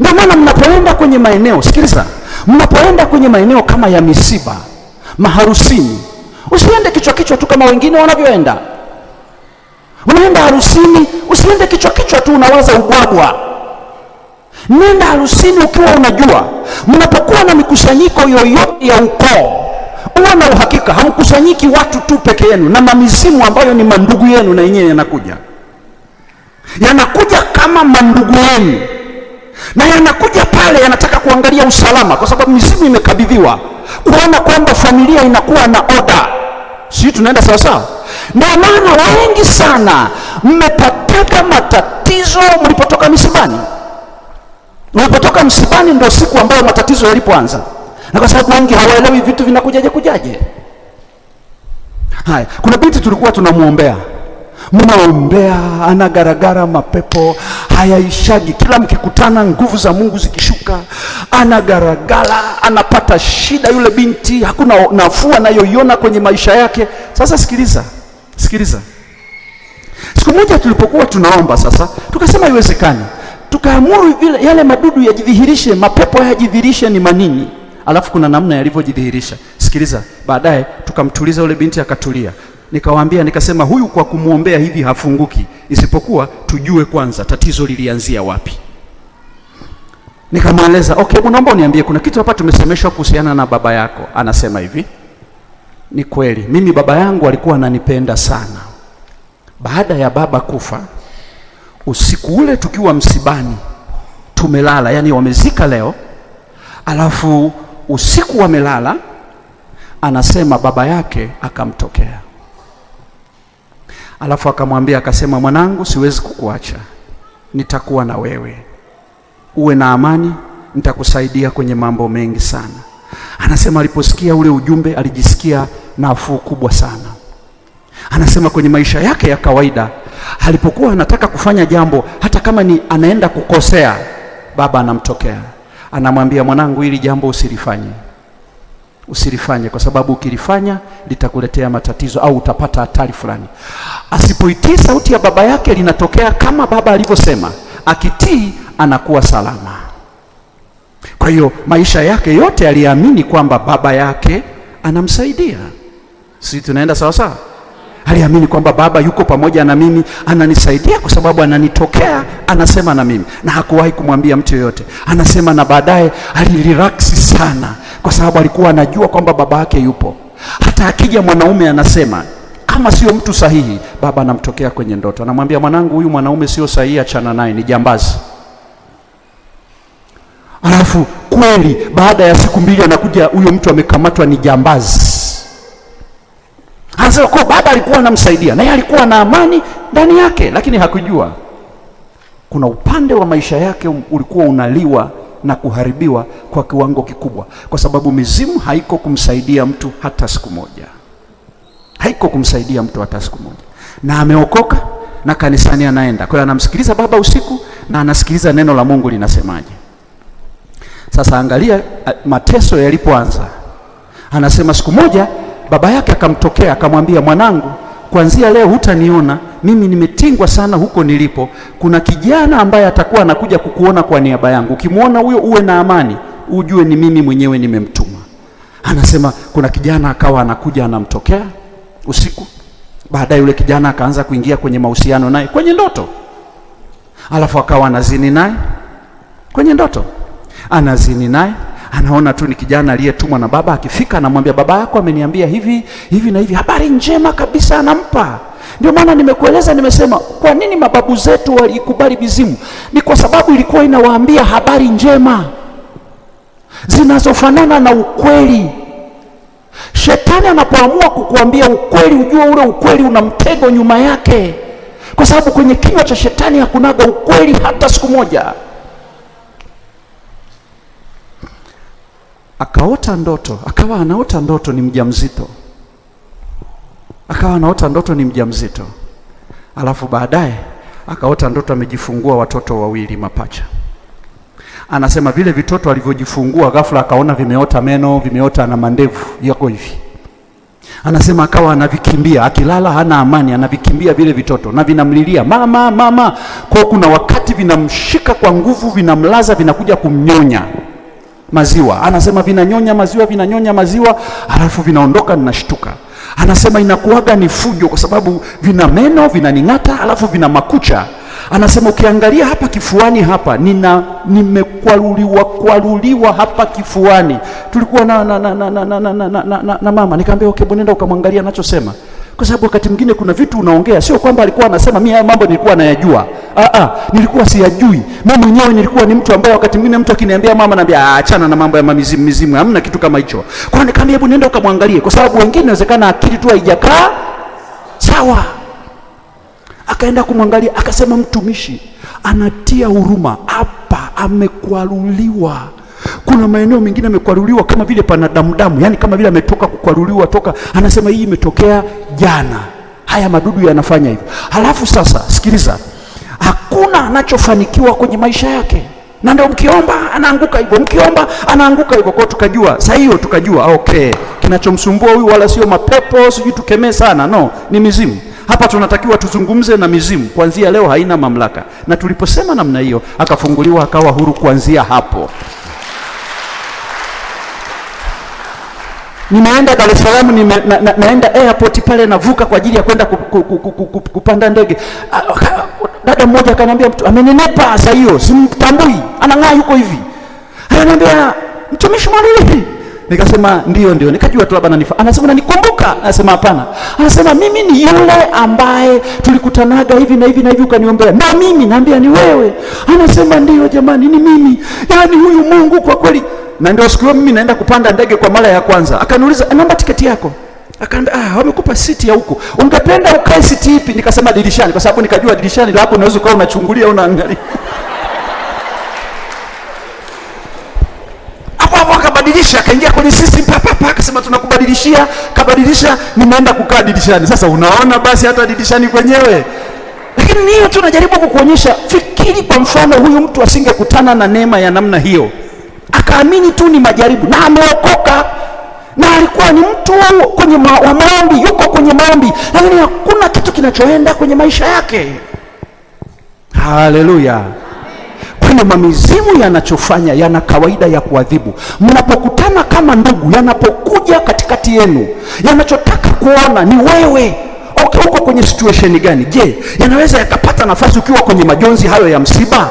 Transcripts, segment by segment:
Ndio maana mnapoenda kwenye maeneo, sikiliza, mnapoenda kwenye maeneo kama ya misiba, maharusini, usiende kichwa kichwa tu kama wengine wanavyoenda. Unaenda harusini, usiende kichwa kichwa tu unawaza ubwabwa. Nenda harusini ukiwa unajua, mnapokuwa na mikusanyiko yoyote ya ukoo, uwe na uhakika hamkusanyiki watu tu peke yenu, na mamizimu ambayo ni mandugu yenu na yenyewe yanakuja, yanakuja kama mandugu yenu na yanakuja pale, yanataka kuangalia usalama, kwa sababu mizimu imekabidhiwa, kuona kwamba familia inakuwa na oda, sisi tunaenda sawa Ndio maana wengi sana mmepataka matatizo mlipotoka msibani. Mlipotoka msibani ndio siku ambayo matatizo yalipoanza, na kwa sababu wengi hawaelewi vitu vinakujaje kujaje. Haya, kuna binti tulikuwa tunamwombea mnaombea, anagaragara mapepo hayaishagi. Kila mkikutana, nguvu za Mungu zikishuka, anagaragara, anapata shida yule binti, hakuna nafuu anayoiona kwenye maisha yake. Sasa sikiliza, sikiliza. Siku moja tulipokuwa tunaomba sasa, tukasema iwezekani tukaamuru vile yale madudu yajidhihirishe, mapepo yajidhihirishe, ni manini Alafu kuna namna yalivyojidhihirisha. Sikiliza, baadaye tukamtuliza yule binti, akatulia. Nikawaambia nikasema, huyu kwa kumwombea hivi hafunguki, isipokuwa tujue kwanza tatizo lilianzia wapi. Nikamweleza, okay, naomba uniambie, kuna kitu hapa tumesemeshwa kuhusiana na baba yako. Anasema hivi, ni kweli mimi baba yangu alikuwa ananipenda sana. Baada ya baba kufa, usiku ule tukiwa msibani tumelala, yani wamezika leo, alafu usiku wamelala, anasema baba yake akamtokea Alafu akamwambia akasema, mwanangu, siwezi kukuacha, nitakuwa na wewe, uwe na amani, nitakusaidia kwenye mambo mengi sana. Anasema aliposikia ule ujumbe alijisikia nafuu kubwa sana. Anasema kwenye maisha yake ya kawaida alipokuwa anataka kufanya jambo, hata kama ni anaenda kukosea, baba anamtokea anamwambia, mwanangu, hili jambo usilifanye usilifanye, kwa sababu ukilifanya litakuletea matatizo au utapata hatari fulani. Asipoitii sauti ya baba yake, linatokea kama baba alivyosema, akitii anakuwa salama. Kwa hiyo maisha yake yote aliamini kwamba baba yake anamsaidia. Si tunaenda sawa sawa. Aliamini kwamba baba yuko pamoja na mimi, ananisaidia kwa sababu ananitokea, anasema na mimi, na hakuwahi kumwambia mtu yoyote, anasema. Na baadaye alirelaksi sana, kwa sababu alikuwa anajua kwamba baba yake yupo. Hata akija mwanaume anasema kama sio mtu sahihi, baba anamtokea kwenye ndoto, anamwambia mwanangu, huyu mwanaume sio sahihi, achana naye, ni jambazi. Alafu kweli baada ya siku mbili anakuja huyo mtu amekamatwa, ni jambazi. Anasema kwa baba alikuwa anamsaidia, na yeye alikuwa na amani ndani yake, lakini hakujua kuna upande wa maisha yake ulikuwa unaliwa na kuharibiwa kwa kiwango kikubwa, kwa sababu mizimu haiko kumsaidia mtu hata siku moja, haiko kumsaidia mtu hata siku moja. Na ameokoka na kanisani anaenda, kwa hiyo anamsikiliza baba usiku na anasikiliza neno la Mungu linasemaje. Sasa angalia mateso yalipoanza, anasema siku moja baba yake akamtokea akamwambia, mwanangu, kuanzia leo hutaniona mimi nimetengwa sana huko nilipo. Kuna kijana ambaye atakuwa anakuja kukuona kwa niaba yangu. Ukimwona huyo, uwe na amani, ujue ni mimi mwenyewe nimemtuma. Anasema kuna kijana akawa anakuja anamtokea usiku, baadaye yule kijana akaanza kuingia kwenye mahusiano naye kwenye ndoto, alafu akawa anazini naye kwenye ndoto, anazini naye anaona tu ni kijana aliyetumwa na baba. Akifika anamwambia baba yako ameniambia hivi hivi na hivi, habari njema kabisa anampa. Ndio maana nimekueleza, nimesema kwa nini mababu zetu walikubali mizimu, ni kwa sababu ilikuwa inawaambia habari njema zinazofanana na ukweli. Shetani anapoamua kukuambia ukweli, ujue ule ukweli una mtego nyuma yake, kwa sababu kwenye kinywa cha shetani hakunaga ukweli hata siku moja. akaota ndoto, akawa anaota ndoto ni mjamzito, akawa anaota ndoto ni mjamzito, alafu baadaye akaota ndoto amejifungua watoto wawili mapacha. Anasema vile vitoto alivyojifungua, ghafla akaona vimeota meno, vimeota na mandevu yako hivi. Anasema akawa anavikimbia, akilala hana amani, anavikimbia vile vitoto na vinamlilia mama, mama. Kwa kuna wakati vinamshika kwa nguvu, vinamlaza, vinakuja kumnyonya maziwa. Anasema vinanyonya maziwa, vinanyonya maziwa, halafu vinaondoka, ninashtuka. Anasema inakuwaga ni fujo, kwa sababu vina meno vinaning'ata, halafu vina makucha. Anasema ukiangalia hapa kifuani hapa nina nimekwaruliwa kwaruliwa hapa kifuani. Tulikuwa na na, na, na, na, na, na, na, na mama nikamwambia, okay, bwenenda ukamwangalia anachosema, kwa sababu wakati mwingine kuna vitu unaongea, sio kwamba alikuwa anasema mimi haya mambo nilikuwa nayajua Ah, ah, nilikuwa siyajui mimi mwenyewe. Nilikuwa ni mtu ambaye wakati mwingine mtu akiniambia mama, naambia ah, achana na mambo ya mamizimu mizimu, hamna kitu kama hicho. Kwa hiyo nikamwambia, hebu nenda ukamwangalie, kwa sababu wengine inawezekana akili tu haijakaa sawa. Akaenda kumwangalia, akasema mtumishi, anatia huruma hapa, amekwaruliwa kuna maeneo mengine amekwaruliwa kama vile pana damudamu, yani kama vile ametoka kukwaruliwa toka. Anasema hii imetokea jana, haya madudu yanafanya hivyo. Halafu sasa sikiliza hakuna anachofanikiwa kwenye maisha yake, na ndio mkiomba anaanguka hivyo, mkiomba anaanguka hivyo. Kwa tukajua saa hiyo tukajua okay, kinachomsumbua huyu wala sio mapepo, sijui tukemee sana, no, ni mizimu. Hapa tunatakiwa tuzungumze na mizimu, kuanzia leo haina mamlaka. Na tuliposema namna hiyo, akafunguliwa akawa huru kuanzia hapo. Nimeenda Dar es Salaam nime, na, na, airport pale navuka kwa ajili ya kwenda kupanda ndege. Ah, dada mmoja akaniambia mtu amenenepa saa hiyo, simtambui, anang'aa yuko hivi. Ananiambia mtumishi mwalili, nikasema ndio ndio, nikajua tu labda ananifa. Anasema unanikumbuka? Anasema hapana. Anasema mimi ni yule ambaye tulikutanaga hivi na hivi na hivi, ukaniombea na mimi. Naambia ni wewe? Anasema ndio, jamani, ni mimi. Yani huyu Mungu kwa kweli. Na ndio siku hiyo mimi naenda kupanda ndege kwa mara ya kwanza, akaniuliza namba tiketi yako Akaambia, ah, wamekupa siti ya huko, ungependa ukae siti ipi? Nikasema dirishani, kwa sababu nikajua dirishani hapo unaweza ukawa unachungulia au unaangalia. Hapo hapo akabadilisha, akaingia kwenye sisi papapa, akasema tunakubadilishia. Kabadilisha, nimeenda kukaa dirishani. Sasa unaona, basi hata dirishani kwenyewe lakini hiyo tu najaribu kukuonyesha. Fikiri kwa mfano, huyu mtu asingekutana na neema ya namna hiyo, akaamini tu ni majaribu na ameokoka na alikuwa ni mtu kwenye ma wa maombi, yuko kwenye maombi, lakini hakuna kitu kinachoenda kwenye maisha yake. Haleluya! Kwenye mamizimu yanachofanya yana kawaida ya kuadhibu. Mnapokutana kama ndugu, yanapokuja katikati yenu, yanachotaka kuona ni wewe uko kwenye situation gani? Je, yanaweza yakapata nafasi ukiwa kwenye majonzi hayo ya msiba?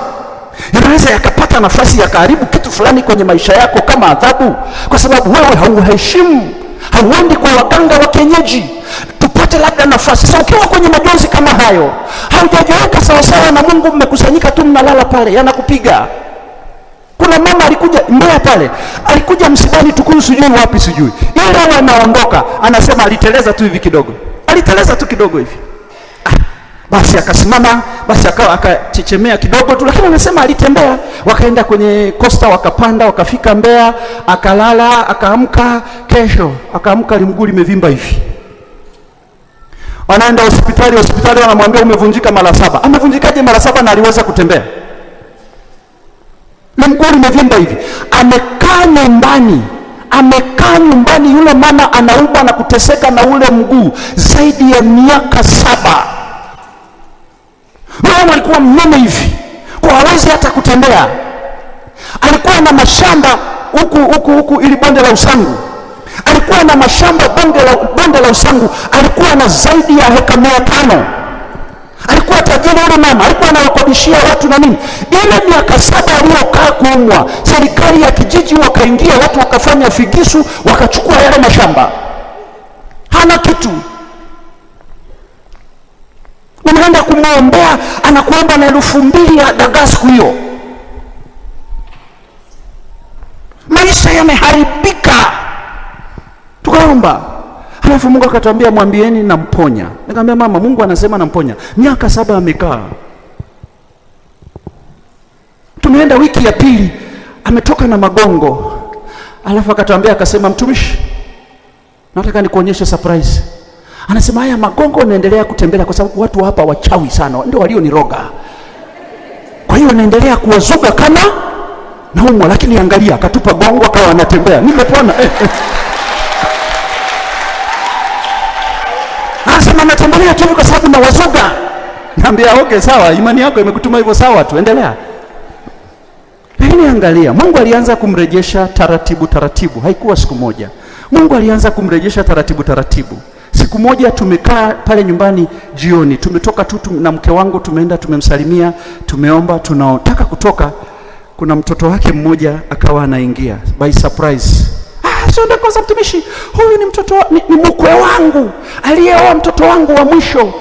yanaweza yakapata nafasi yakaharibu kitu fulani kwenye maisha yako kama adhabu, kwa sababu wewe hauheshimu, hauendi kwa waganga wa kienyeji tupate labda nafasi. Sasa ukiwa kwenye majonzi kama hayo, haujajiweka sawasawa na Mungu, mmekusanyika tu mnalala pale, yanakupiga. Kuna mama alikuja Mbeya pale, alikuja msibani Tukuru, sijui wapi, sijui, ila anaondoka anasema aliteleza tu hivi kidogo, aliteleza tu kidogo hivi basi akasimama, basi akawa akachechemea kidogo tu, lakini anasema alitembea. Wakaenda kwenye kosta, wakapanda, wakafika Mbeya, akalala, akaamka. Kesho akaamka limguu limevimba hivi, wanaenda hospitali. Hospitali wanamwambia umevunjika mara saba. Amevunjikaje mara saba na aliweza kutembea? Limguu limevimba hivi, amekaa nyumbani amekaa nyumbani. Yule mama anaumwa na kuteseka na ule mguu zaidi ya miaka saba. Balamu alikuwa mnene hivi kwa hawezi hata kutembea, alikuwa na mashamba huku huku huku, ili bonde la Usangu alikuwa na mashamba bonde la, bonde la Usangu. Alikuwa na zaidi ya heka mia tano. Alikuwa tajiri yule mama, alikuwa anawakodishia watu na nini. Ile miaka saba aliyokaa kuumwa, serikali ya kijiji wakaingia, watu wakafanya figisu, wakachukua yale mashamba, hana kitu unakwenda kumwombea anakuomba na elfu mbili ya dagaa siku hiyo. Maisha yameharibika, tukaomba alafu Mungu akatuambia mwambieni namponya. Nikamwambia mama, Mungu anasema namponya. Miaka saba amekaa, tumeenda wiki ya pili ametoka na magongo, alafu akatuambia akasema, mtumishi, nataka nikuonyeshe surprise Anasema haya magongo naendelea kutembelea kwa sababu watu hapa wachawi sana, ndio walio walioniroga. Kwa hiyo anaendelea kuwazuga kama naumwa, lakini angalia, akatupa gongo akawa anatembea, nimepona. Eh, eh. Anasema anatembelea tu kwa sababu nawazuga. Naambia okay, sawa, imani yako imekutuma hivyo, sawa tu, endelea. Lakini angalia, Mungu alianza kumrejesha taratibu taratibu, haikuwa siku moja. Mungu alianza kumrejesha taratibu taratibu. Siku moja tumekaa pale nyumbani jioni, tumetoka tu na mke wangu, tumeenda tumemsalimia, tumeomba, tunaotaka kutoka, kuna mtoto wake mmoja akawa anaingia by surprise. Ah, sio ndakosa mtumishi, huyu ni mtoto ni, ni mkwe wangu aliyeoa mtoto wangu wa mwisho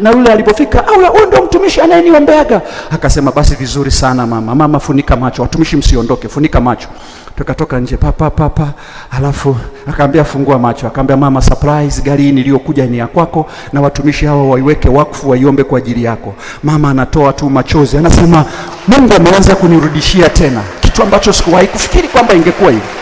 na yule alipofika, au huyu ndo mtumishi anayeniombeaga. Akasema basi vizuri sana mama, mama funika macho, watumishi msiondoke, funika macho. Tukatoka nje papa papa, alafu akaambia fungua macho, akaambia mama, surprise, gari niliyokuja ni ya kwako, na watumishi hawa waiweke wakfu, waiombe kwa ajili yako. Mama anatoa tu machozi, anasema Mungu ameanza kunirudishia tena kitu ambacho sikuwahi kufikiri kwamba ingekuwa hivi.